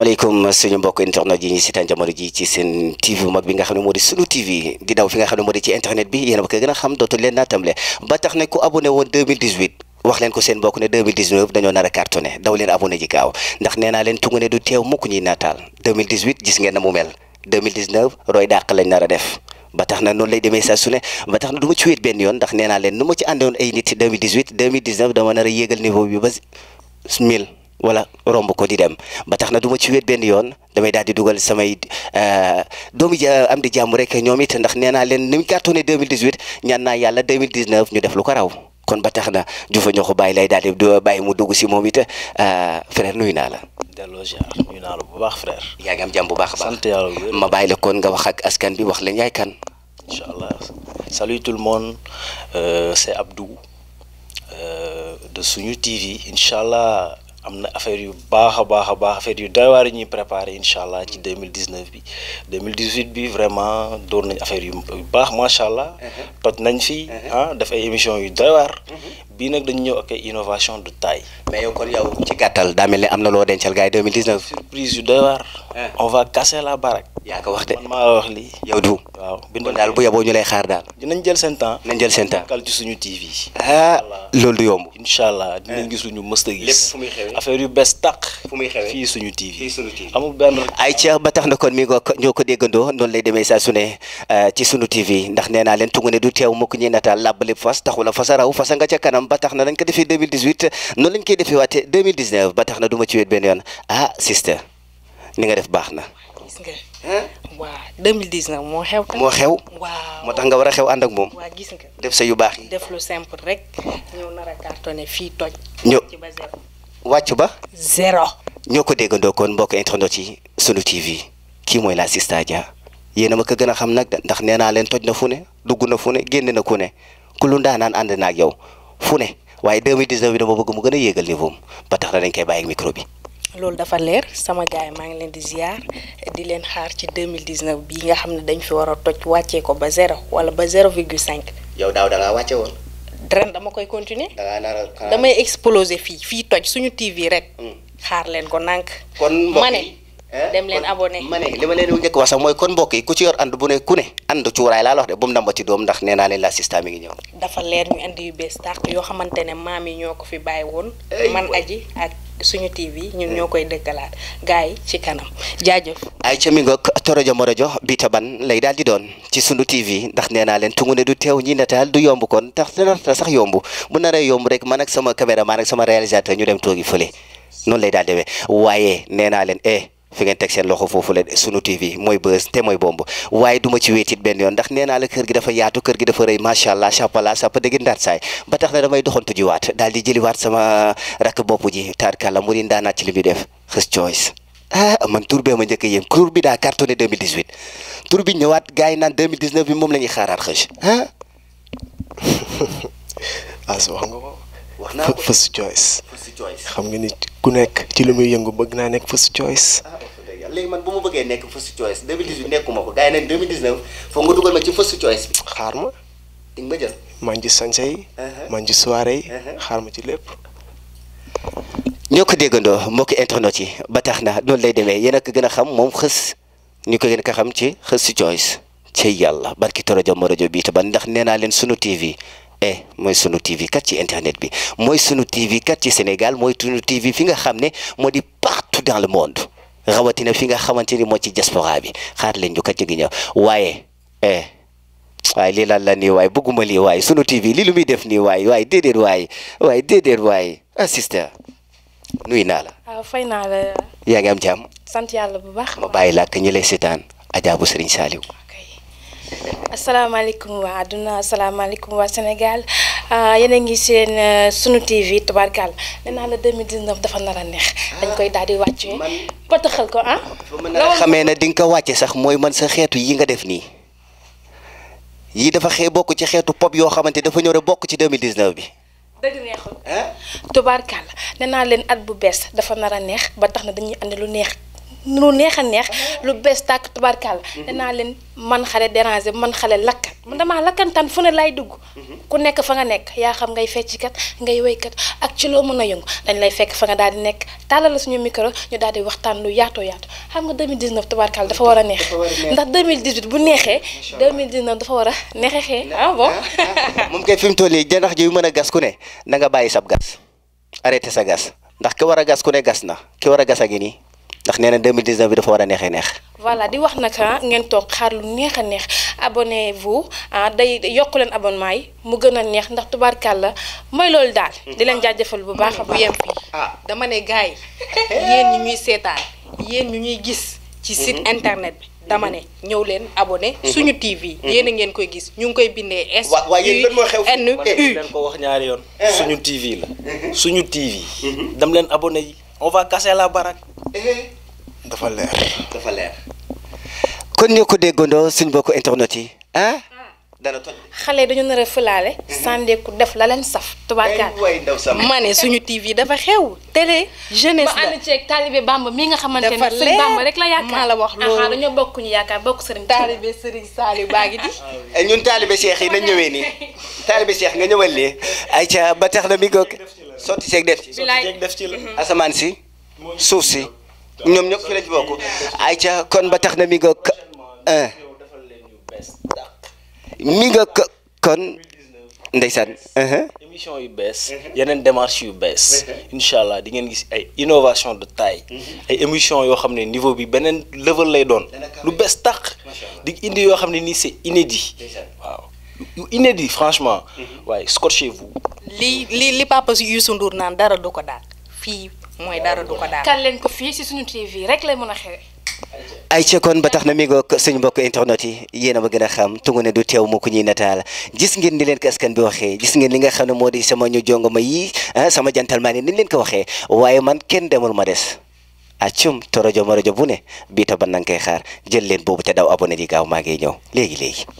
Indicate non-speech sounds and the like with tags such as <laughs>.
maaleykum suñu mbokk internet yi ñu seetaan jamono ji ci seen TV mag bi nga xam ne moo di sunu TV di daw fi nga xam ne moo di ci internet bi yéen a ba ko gën a xam dootul leen naatamle ba tax ne ku abonné woon wax leen ko seen mbokk ne dañoo nar a cartonné daw leen abonné ji gaaw ndax nee leen tungu ne du teew mukk ñuy naataal gis ngeen na mu mel 2019 roy dàq lañ nar def ba tax na noonu lay demee saa su ba tax na du ma ci wéet benn yoon ndax nee leen nu ci àndoon ay nit 2018 wala romb ko di dem tax na du ma ci wéet benn yoon damay daal di dugal samay euh, doomu am di jàmm rek ñoom it ndax nee naa leen ni mu cartonné 2018 ñaan naa yàlla 2019 ñu def lu ko kon ba tax na Jufa ñoo ko bàyyi lay daal di bàyyi mu dugg si moom it euh, frère nuyu naa la. delloo ziar nuyu naa la bu baax yaa am jàmm bu baax a baax sant yàlla ma bàyyi la kon nga wax ak askan bi wax leen yaay kan. incha allah salut tout le monde euh, c'est Abdou de suñu TV incha allah am na affaire yu baax a baax a baax affaire yu doywaar yi ñuy préparé incha allah ci deux mille dix neuf bi deux mille dix huit bi vraiment dóor nañ affaire yu baax macha allah. Uh-huh. toj nañ fi. Uh-huh. ah def ay émissions yu doywaar. Uh-huh. bii nag dañu ñëw ak ay innovation de taille. mais yow kon ci gàttal daa mel ne am na loo dencal gars yi deux mille dix neuf. surprise yu doywaar. on va casser la baraque. yaa ka wax de man maa wax lii. yow du waaw bindal daal bu yaboo ñu lay xaar daal. dinañ jël seen temps. dinañ jël seen temps kal suñu TV. Ah, loolu du yomb. incha allah dinañ eh. gis lu ñu mës gis. lépp muy xewee affaire yu bees tàq. fu muy fii suñu TV. fii suñu TV amul benn. ay ceex ba tax na kon mi nga ñoo ko déggandoo noonu lay demee sa su ne eh, ci suñu TV ndax nee naa leen tungu ne du teew mukk ñuy nataal làbb lépp fas taxu la fas a a nga ca kanam ba tax na dañ ko defee 2018 noonu lañ koy defee waate 2019 ba tax na du ma ci wéet benn yoon ah sister ni nga def baax na gis nga. waaw 2019 moo xew. moo xew. waaw moo tax nga war a xew ànd ak moom. waaw gis def sa yu baax yi. def lu simple rek. ñëw nar a fii toj. ñëw wàcc ba. zéro. ñoo ko déggandoo kon mbokk internet yi sunu TV kii mooy la Sista Dia yéen a ma ko gën a xam nag ndax nee naa leen toj na fu ne dugg na fu génne na ku ne ku lu ndaanaan ànd na ak yow fu ne waaye 2019 bi dama bëgg mu gën a yéegal niveau am ba tax na dañ koy bàyyi micro bi. loolu dafa leer sama gars yi maa ngi leen di ziar di leen xaar ci 2019 bii nga xam ne dañ fi war a toj wàccee ko ba zéro wala ba zéro virgule cinq. yow daaw da wàcce woon. ren dama koy continuer. da damay exploser fii fii toj suñu TV rek. Mm. xaar leen ko nànk. kon ma ne Eh? dem leen abonné ma ne li ma leen njëkk wax sax mooy kon mbokk yi ku ci yor ànd bu ne ku ne ànd cuuraay laa la wax de bu mu ndamba ci doom ndax nee naa leen la système mi ngi ñëw dafa leer ñu indi yu bees tàq yoo xamante ne maam yi ñoo ko fi bàyyi woon man aji ak suñu TV ñun eh. ñoo koy dëkkalaat gars yi ci kanam jaajëf ay ca mi ngoog torojo morojo bi ta ban lay daal di doon ci sunu TV ndax nee naa leen tungu ne du teew ñii ne taal du yomb kon tax narta sax yomb na naree yomb rek man ak sama caméraman ak sama réalisateur ñu dem toogi fële noonu lay daal demee waaye nee naa leen eh, fi ngeen teg seen loxo foofu la sunu TV mooy bës te mooy bomb waaye duma ci wéetit benn yoon ndax nee naa la kër gi dafa yaatu kër gi dafa rëy macha allah chapala sapa dëgg ndaat saay ba tax na damay doxantu jiwaat daal di jëliwaat sama rakk bopp ji tarkala mu di ah, man tur bee ma njëkk yéem tur bi daa cartonné 2018 tur bi ñëwaat yi naan 2019 bi moom la xaaraat xës ah. <laughs> as wax nga ko. wax naa ko first choice. first xam nga ni ku nekk ci lu muy yëngu bëgg naa nekk first choice. Ah. léegi man bu ma bëggee nekk first choice 2018 nekkuma ko gars yi neen 2019 foog nga dugal ma ci first choice bi. xaar ma. di nga ma jël. maa ngi ci sañse yi. Uh-huh. maa ci soirée yi. Uh-huh. xaar ma ci lépp. ñoo ko déggandoo mbokki internet yi ba tax na noonu lay demee yéen a ko gën a xam moom xës ñu ko gën a xam ci xës choice ci yàlla barki torojo ma rajo bii taban ndax nee naa leen sunu TV eh mooy sunu TV kat ci internet bi mooy sunu TV kat ci Sénégal mooy sunu TV fi nga xam ne moo di partout dans le monde. rawatina fi nga xamante ni moo ci diaspora bi xaar leen ñu kat ñu ngi ñëw waaye eh waaye lii lan la waaye bëgguma lii waaye sunu TV lii lu muy def nii waaye waaye déedéet waaye waaye déedéet waaye ah sister naa la. waaw ah, fay naa yaa ngi am jàmm. sant yàlla bu baax. ma bàyyi la ak ñi lay seetaan Adja bu Serigne Saliou. asalaamaaleykum waa àdduna asalaamaaleykum waa Sénégal. Euh, yéen a ngi seen euh, sunu TV tubaarkaal nee naa la 2019 dafa nar a neex. Ah. dañ koy daal di wàccee. man pëtëxal ko ah. na xamee ne di ko wàcce sax mooy man sa xeetu yi nga def nii yii dafa xee bokk ci xeetu pop yoo xamante dafa ñëw rek bokk ci 2019 bi. dëgg neexul. tubaarkaal nee naa leen at bu bees dafa nar a neex ba tax na dañuy andi lu neex. lu neex a neex lu bees tàkk tubarkalla. naa leen man xale déranger man xale lakkat man damaa lakkantaan fu ne laay dugg. ku nekk fa nga nekk yaa xam ngay kat ngay woykat ak ci loo mën a yëngu dañ lay fekk fa nga daal di nekk tàllal la suñu micro ñu daal di waxtaan lu yaatoo yaatu xam nga 2019 tubarkalla dafa war a neex. ndax 2018 bu neexee. 2019 dafa war a neexee ah, ah bon. Ah, ah. moom kay fi mu toll nii janax ji mën a gas ku ne nanga bàyyi sab gas arrêté sa gas ndax ki war a gas ku ne gas na ki war a gas a ngi nii. ndax nee na 2019 bi dafa war a neexee neex. voilà di wax naka ah, ngeen toog xaar lu neex a neex abonnez-vous ah day yokk leen abonnement yi mu gën a neex ndax tubaarkàlla mooy loolu daal. di leen jaajëfal bu baax bu yem fii. Ah. dama ne gars yi yéen ñu ñuy seetaan yéen ñu ñuy gis. ci mm-hmm. site internet bi. dama ne ñëw leen abone mm-hmm. suñu TV. Mm-hmm. yéen a ngeen koy gis ñu ngi koy bindee. S leen ko wax ñaari yoon. Eh. suñu TV la. suñu TV. dam leen abonné yi on va casser la baraque. Eh, dafa leer dafa leer. kon ñoo ko déggandoo suñ bokk internet yi ah. dana toj xale dañu nar a fëlaale. Mhm. sàndeeku def la leen saf. tubaarkaat ma ne suñu TV dafa xew. télé jeunesse la ma ànd ceeg taalibe mi nga xamante ne suñu Bamba rek la yaakaar. maa la wax loolu bokk ñu yaakaar bokk Serigne. taalibe Serigne Saliou baa ngi di. Ah eh, ñun taalibe Cheikh yi nañ ñëwee nii <laughs> taalibe Cheikh nga ñëwal lii. ayca ba tax na mi goog sotti ceeg def ci. sotti ceeg def ci si mhm. suuf si. ñoom ñëpp ci la ci bokk kon ba tax na mi nga mi nga kon ndeysaan émission yu bees yeneen démarche yu bees incha allah di ngeen gis ay innovation de taille ay émission yoo xam ne niveau bi beneen level lay doon lu bees tàq di indi yoo xam ne nii c'est inédit waaw yu inédit franchement mm-hmm. waaye scotchez-vous li li li papa Youssou Ndour naan dara du ko daal mooy dara du ko leen ko fii si suñu TV rek lay mën a xewee. ay ca kon ba tax na mi ngoog suñu mbokk internet yi yéen a ma gën a xam tungu ne du teew mu ko ñuy nataal gis ngeen ni leen ko askan bi waxee gis ngeen li nga xam ne moo di sama ñu jongama ma yii ah, sama jantalmaan yi ni leen ko waxee waaye man kenn demul ma des. accum torojo morojo bu ne biita ta ban nanga koy xaar jël leen boobu te daw abonné di gaaw maa ngi ñëw léegi léegi